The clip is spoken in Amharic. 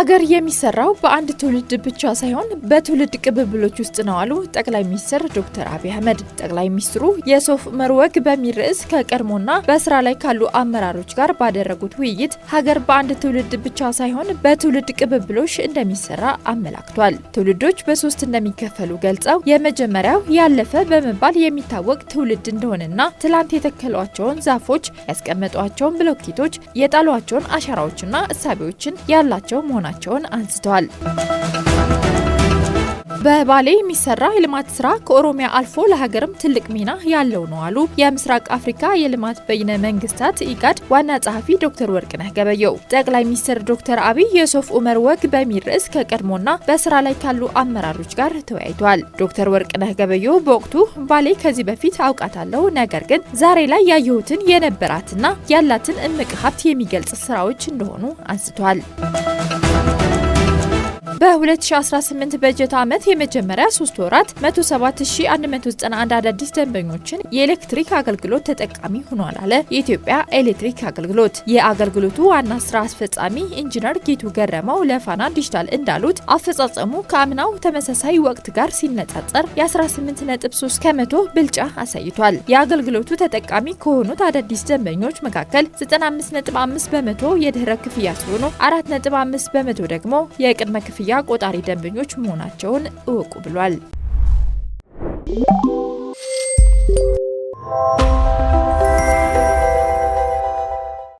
ሀገር የሚሰራው በአንድ ትውልድ ብቻ ሳይሆን በትውልድ ቅብብሎች ውስጥ ነው አሉ ጠቅላይ ሚኒስትር ዶክተር አብይ አህመድ። ጠቅላይ ሚኒስትሩ የሶፍ ዑመር ወግ በሚል ርዕስ ከቀድሞና በስራ ላይ ካሉ አመራሮች ጋር ባደረጉት ውይይት ሀገር በአንድ ትውልድ ብቻ ሳይሆን በትውልድ ቅብብሎች እንደሚሰራ አመላክቷል። ትውልዶች በሶስት እንደሚከፈሉ ገልጸው የመጀመሪያው ያለፈ በመባል የሚታወቅ ትውልድ እንደሆነና ትላንት የተከሏቸውን ዛፎች ያስቀመጧቸውን ብሎኬቶች የጣሏቸውን አሻራዎችና እሳቤዎችን ያላቸው መሆናቸው መሆናቸውን አንስተዋል። በባሌ የሚሰራ የልማት ስራ ከኦሮሚያ አልፎ ለሀገርም ትልቅ ሚና ያለው ነው አሉ የምስራቅ አፍሪካ የልማት በይነ መንግስታት ኢጋድ ዋና ጸሐፊ ዶክተር ወርቅነህ ገበየው። ጠቅላይ ሚኒስትር ዶክተር አብይ የሶፍ ኡመር ወግ በሚል ርዕስ ከቀድሞና በስራ ላይ ካሉ አመራሮች ጋር ተወያይተዋል። ዶክተር ወርቅነህ ገበየው በወቅቱ ባሌ ከዚህ በፊት አውቃታለሁ፣ ነገር ግን ዛሬ ላይ ያየሁትን የነበራትና ያላትን እምቅ ሀብት የሚገልጽ ስራዎች እንደሆኑ አንስተዋል። Thank you. በ2018 በጀት ዓመት የመጀመሪያ 3 ወራት 107191 አዳዲስ ደንበኞችን የኤሌክትሪክ አገልግሎት ተጠቃሚ ሆኗል አለ የኢትዮጵያ ኤሌክትሪክ አገልግሎት። የአገልግሎቱ ዋና ስራ አስፈጻሚ ኢንጂነር ጌቱ ገረመው ለፋና ዲጂታል እንዳሉት አፈጻጸሙ ከአምናው ተመሳሳይ ወቅት ጋር ሲነጻጸር የ18.3 ከመቶ ብልጫ አሳይቷል። የአገልግሎቱ ተጠቃሚ ከሆኑት አዳዲስ ደንበኞች መካከል 95.5 በመቶ የድህረ ክፍያ ሲሆኑ 4.5 በመቶ ደግሞ የቅድመ ክፍያ ያቆጣሪ ቆጣሪ ደንበኞች መሆናቸውን እወቁ ብሏል።